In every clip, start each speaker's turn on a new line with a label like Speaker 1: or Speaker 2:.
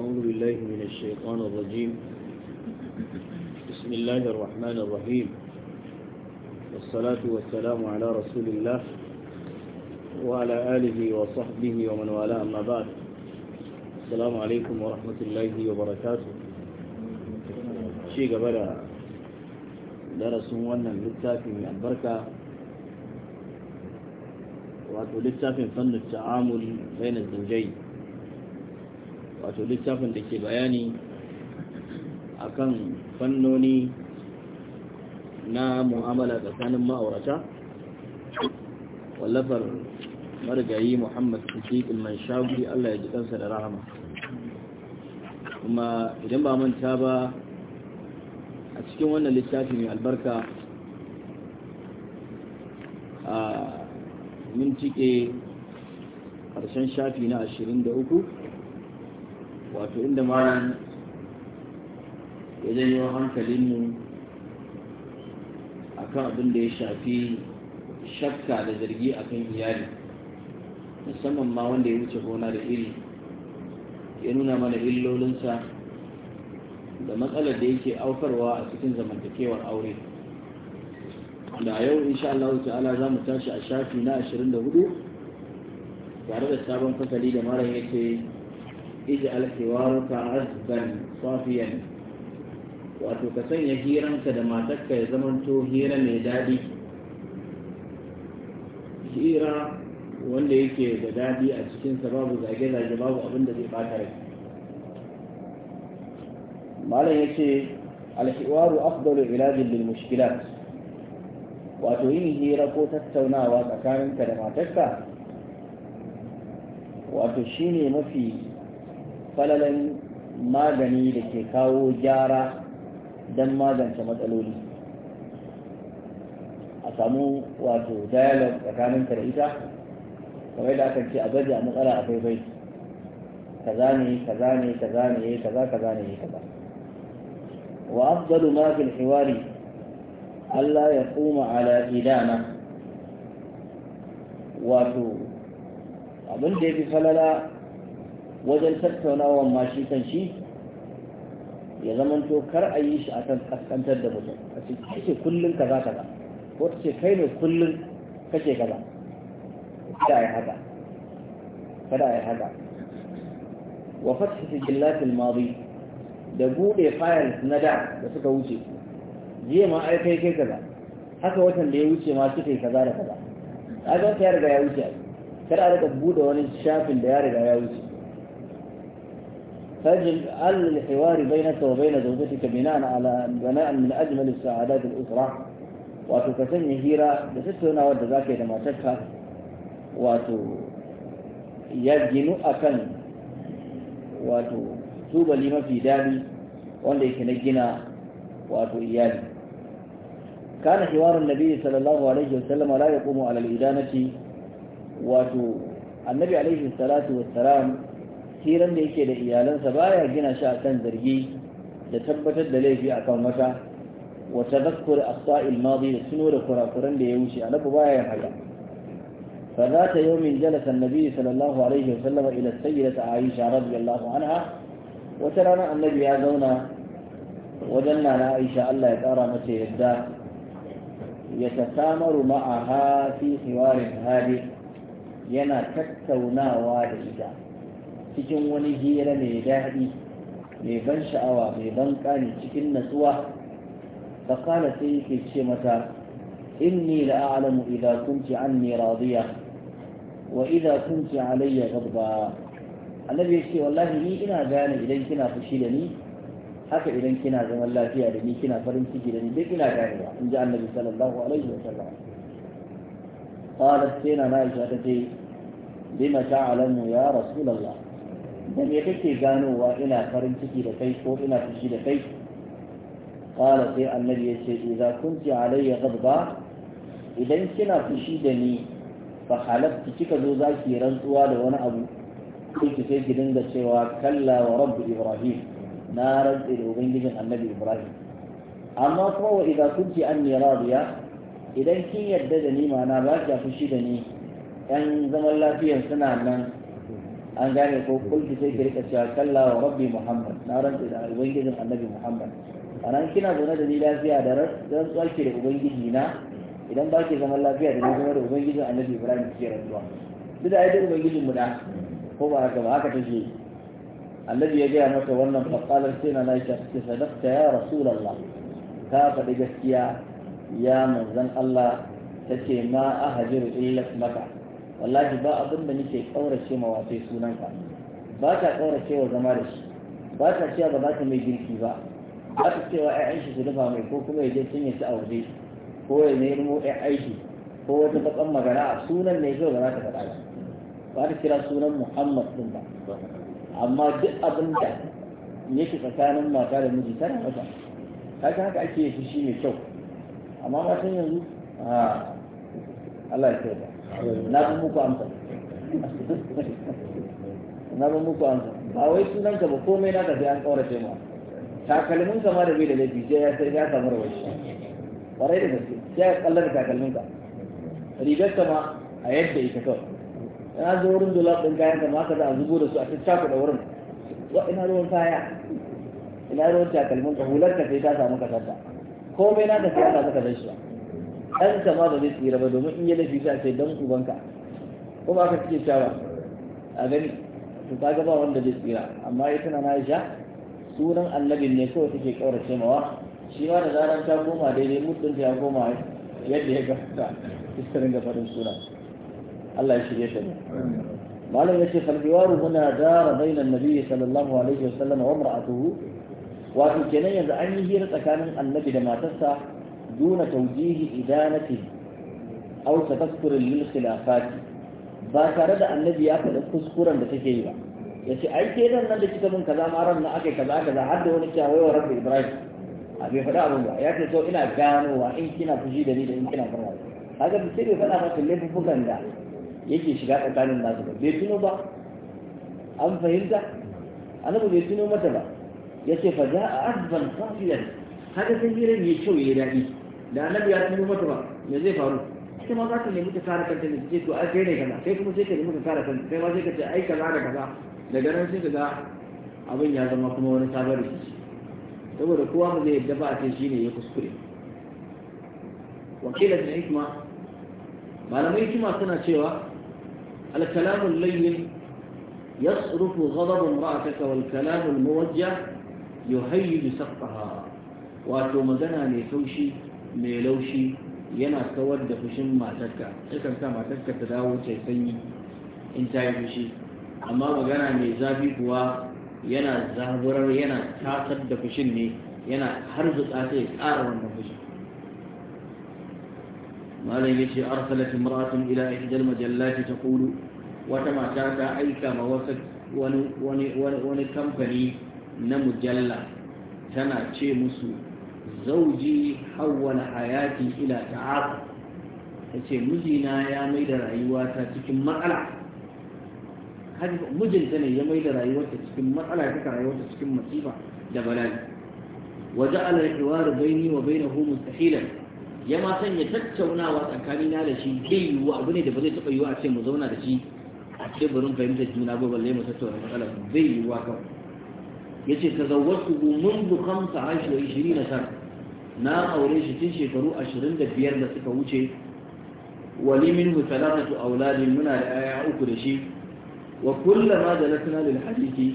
Speaker 1: أعوذ بالله من الشيطان الرجيم بسم الله الرحمن الرحيم والصلاة والسلام على رسول الله وعلى آله وصحبه ومن والاه أما بعد السلام عليكم ورحمة الله وبركاته شيء قبل درس ونن للتافي من البركة wato littafin fannin ta'amul bainar zaujai wato littafin da ke bayani akan fannoni na mu'amala tsakanin ma'aurata wallafar marigayi muhammad kusikin man shaguri allah ya ji kansa da rahama kuma idan ba manta ba a cikin wannan littafi mai albarka a mintike ƙarshen shafi na 23 wato inda malam ya janyo hankalinmu a kan abin da ya shafi shakka da zargi a kan iyali musamman ma wanda ya wuce gona da iri ya nuna mana illolinsa da matsalar da yake aukarwa a cikin zamantakewar aure da a yau insha Allah ta'ala za mu tashi a shafi na 24 tare da sabon fasali da mara yake ij'al hiwaruka azban safiyan wato ka sanya hiranka da matakka ya zamanto hira mai daɗi hira wanda yake da daɗi a cikinsa babu zage-zage babu abin da zai bata rai malam ya ce alhiwaru afdalu ilajin lil mushkilat wato yin hira ko tattaunawa tsakaninka da matakka? wato shine mafi falalan magani da ke kawo gyara don magance matsaloli a samu wato dialogue tsakanin da ita kamar da aka ce a gaji a matsala a baibai ka ne kaza ne za ne ka kaza ne za. wa afdalu ma fil hiwari Allah ya kuma ala idana wato abin da ya fi falala wajen tattaunawa ma shi kan shi ya zamanto kar a yi shi akan kaskantar da mutum a ce kake kullum kaza kaza ko ta ce kai ne kullum kace kaza kada a yi haka kada a yi haka wa fathi sijillatil madi da buɗe fayil na da da suka wuce jiya ma ai kai kai kaza haka watan da ya wuce ma suka yi kaza da kaza a ga ya riga ya wuce kada a riga bude wani shafin da ya riga ya wuce فاجعل الحوار بينك وبين زوجتك بناء على بناء من اجمل السعادات الاسره wato ka sanya hira da tattaunawar da za ka da matarka wato ya ginu a kan wato tubali mafi daɗi wanda yake na gina wato iyali kana hiwarun nabi sallallahu alaihi wasallam la yaqumu ala idanati wato annabi alaihi salatu hiran da yake da iyalansa baya gina shi akan zargi da tabbatar da laifi akan wata wa tadhakkur as madi da tuno da kurakuran da ya wuce annabi baya yin haka fa za ta yawmin jalasa annabi sallallahu alaihi wasallam ila sayyidati aisha radiyallahu anha wata rana annabi ya zauna wajen nana aisha Allah ya kara mata yadda ya tasamaru ma'aha fi hiwarin hadi yana tattaunawa da ita cikin wani hira mai daɗi mai ban sha'awa mai ban ƙani cikin natsuwa faƙala sai yake ce mata inni la'alamu idan kunti anni radiya wa idan kunti alayya gadba annabi ya ce wallahi ni ina gane idan kina fushi da ni haka idan kina zaman lafiya da ni kina farin ciki da ni duk ina gane ba ji annabi sallallahu alaihi wa sallam qalat sayna na aisha ta ce bima ta'lamu ya rasulullah da me kake ganowa ina farin ciki da kai ko ina fushi da kai qala sai annabi ya ce idza kunti alayya ghadba idan kina fushi da ni fa halafti kika zo zaki rantsuwa da wani abu kike sai ki dinga cewa kalla wa rabb ibrahim na rantsi da ubangijin annabi ibrahim amma kuma wa idza kunti anni radiya idan kin yadda da ni ma'ana ba ki fushi da ni yan zaman lafiyan suna nan an gane ko kulki sai ki rika cewa kalla wa rabbi muhammad na rantsa da ubangijin annabi muhammad anan kina zaune da ni lafiya da rantsuwa ki da ubangiji na idan ba ki zaman lafiya da ni zama da ubangijin annabi ibrahim ki rantsuwa duk da ai duk ubangijin mu da ko ba haka ba haka take annabi ya gaya masa wannan faqalar sai na laika ki sadaqta ya rasulullah ka faɗi gaskiya ya manzon Allah tace ma ahajiru illa maka wallahi ba abin da nake kaurace ma wato sunanka ba ta ƙaurace wa zama da shi ba ta cewa ba za ta mai girki ba ba ta cewa ai shi su dafa mai ko kuma ya je sun yi a waje ko ya nemo ai aiki ko wata bakan magana a sunan ne zai ba za ta faɗa ba ba ta kira sunan Muhammad din ba amma duk abin da yake tsakanin mata da miji tana mata kaga haka ake yi shi mai kyau amma matan yanzu a ah, Allah ya ba. na ban muku amsa na muku amsa ba wai sunan ka ba komai na tafi an kaurace ma takalmin ka ma da bai da laifi sai ya sai ya samu rawar shi kwarai da gaske sai ya kallar takalmin ka rigar kama ma a yadda ita kawai na zo wurin dola ɗin kayan ma ka za a zubo da su a cikin da wurin wa ina ruwan kaya ina ruwan takalmin ka hular ka sai ta samu ka sarta komai na ka ya samu kasar shi ba an ma ba zai tsira ba domin in yi laifi sai a ce ko ubanka ka aka suke cewa a gani to ta ba wanda zai tsira amma ita na Aisha sunan annabin ne kawai take kaurace mawa shi ma da zaran ta koma daidai muddin ta ya koma yadda ya gafta iskarin da farin Allah ya shirye ta malam yace falbiwaru huna dara bainan nabi sallallahu alaihi wasallam wa tuhu wato kenan yanzu an yi hira tsakanin annabi da matarsa دون توجيه إدانته أو تذكر للخلافات ba tare da annabi ya kuskuren da take yi ba ya ce ai nan da kika mun kaza maran na aka kaza kaza har da wani kyawai wa rabbi ibrahim a bai faɗa abin ya ce to ina ganowa in kina fushi da ni da in kina farwa kaga da sai faɗa maka laifukan da yake shiga tsakanin nasu bai ba an fahimta bai mata ba ya fa za a daɗi da annabi ya tuno mata ba me zai faru ita ma za ta nemi ta kare kanta ne ce to ai kai ne kaza kai kuma sai ka nemi ka kare kanta kai ma sai ka ce ai kaza da kaza daga nan sai ka ga abin ya zama kuma wani sabon rikici saboda kowa ba zai yadda ba a ce shi ne ya kuskure wakilan na hikima malamai hikima suna cewa الكلام اللين يصرف غضب امرأتك والكلام الموجه يهيج سقطها wato magana mai taushi mai laushi yana kawar da fushin matarka yakan sa matarka ta dawo ta sanyi in ta yi fushi amma magana mai zafi kuwa yana zaburar yana tasar da fushin ne yana har zuƙa ta ya ƙara wannan fushin malam ya ce arsalat imra'atun ila ihdal majallati taqulu wata mata ta aika ma wasu wani kamfani na mujalla tana ce musu zauji hawwala hayati ila ta'ab tace mijina ya mai da rayuwata cikin matsala mijinta ne ya mai da rayuwarta cikin matsala ya saka rayuwarta cikin masifa da bala'i wa ja'ala al-hiwar baini wa bainahu mustahilan ya ma sanya tattaunawa tsakanina da shi bai yiwu abu ne da ba zai taɓa yiwu a ce mu zauna da shi a teburin fahimtar juna ba balle mu tattauna matsalar bai yiwu kawai yace mun tazawwatu منذ 25 سنه na aure shi tun shekaru ashirin da biyar da suka wuce wali minhu salatatu auladin muna da aya uku da shi wa kullama da na lil hadisi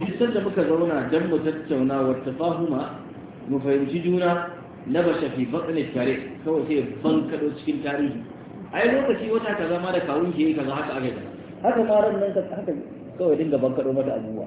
Speaker 1: duk sanda muka zauna dan mu tattauna wa tafahuma mu fahimci juna na basha fi tare kawai sai ban kado cikin tarihi ai lokaci wata ka zama da kawun ke kaza haka aka yi haka ma ran nan haka kawai dinga ban kado mata abubuwa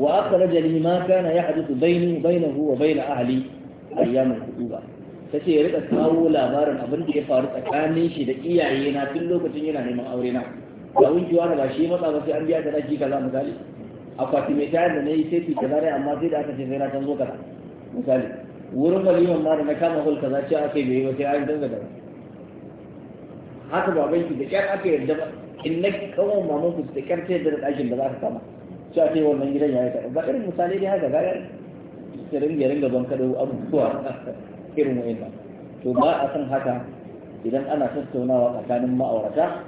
Speaker 1: wa akhraja li ma kana yahdathu baini bainahu wa bain ahli ayyam al-huduba tace ya rika kawo labarin abin da ya faru tsakanin shi da iyaye na tun lokacin yana neman aure na ba wunki wani ba matsa ba sai an biya ka daki kaza misali akwati mai tayar da na yi sai kaza amma sai da aka ce na canzo kaza misali wurin waliman ma na kama hul kaza ce aka yi bai ba sai an canza kaza haka babanki da kyar aka yarda ba in na kawo mamanku da kyar ta yarda da ɗakin da za ka sama. cewa ce wannan gidan ya yi kaɗan ba irin misali dai haka gaya irin yarin ringa ban abubuwa irin wa'in to ba a san haka idan ana tattaunawa tsakanin ma'aurata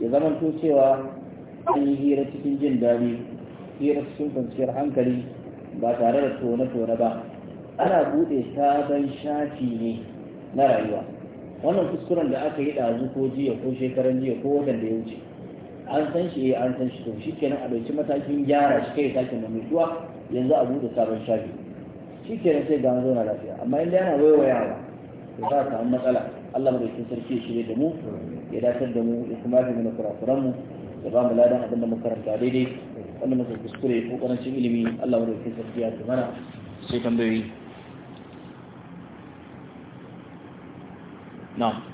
Speaker 1: ya to cewa an yi hira cikin jin daɗi hira cikin kwanciyar hankali ba tare da tone-tone ba ana buɗe sabon shafi ne na rayuwa wannan kuskuren da aka yi ɗazu ko jiya ko shekaran jiya ko watan da ya wuce an san shi eh, an san shi to shikenan a dauki matakin gyara shi kai sake mutuwa yanzu a bude sabon shafi shikenan sai ga an zauna lafiya amma inda yana waiwayawa to za samu matsala Allah madaukakin sarki ya shirye da mu ya datar da mu ya kuma yafe mana kurakuran mu ya ba mu ladan abin da muka karanta daidai wanda muka kuskure ko karancin ilimi Allah madaukakin sarki ya mana sai tambayoyi na'am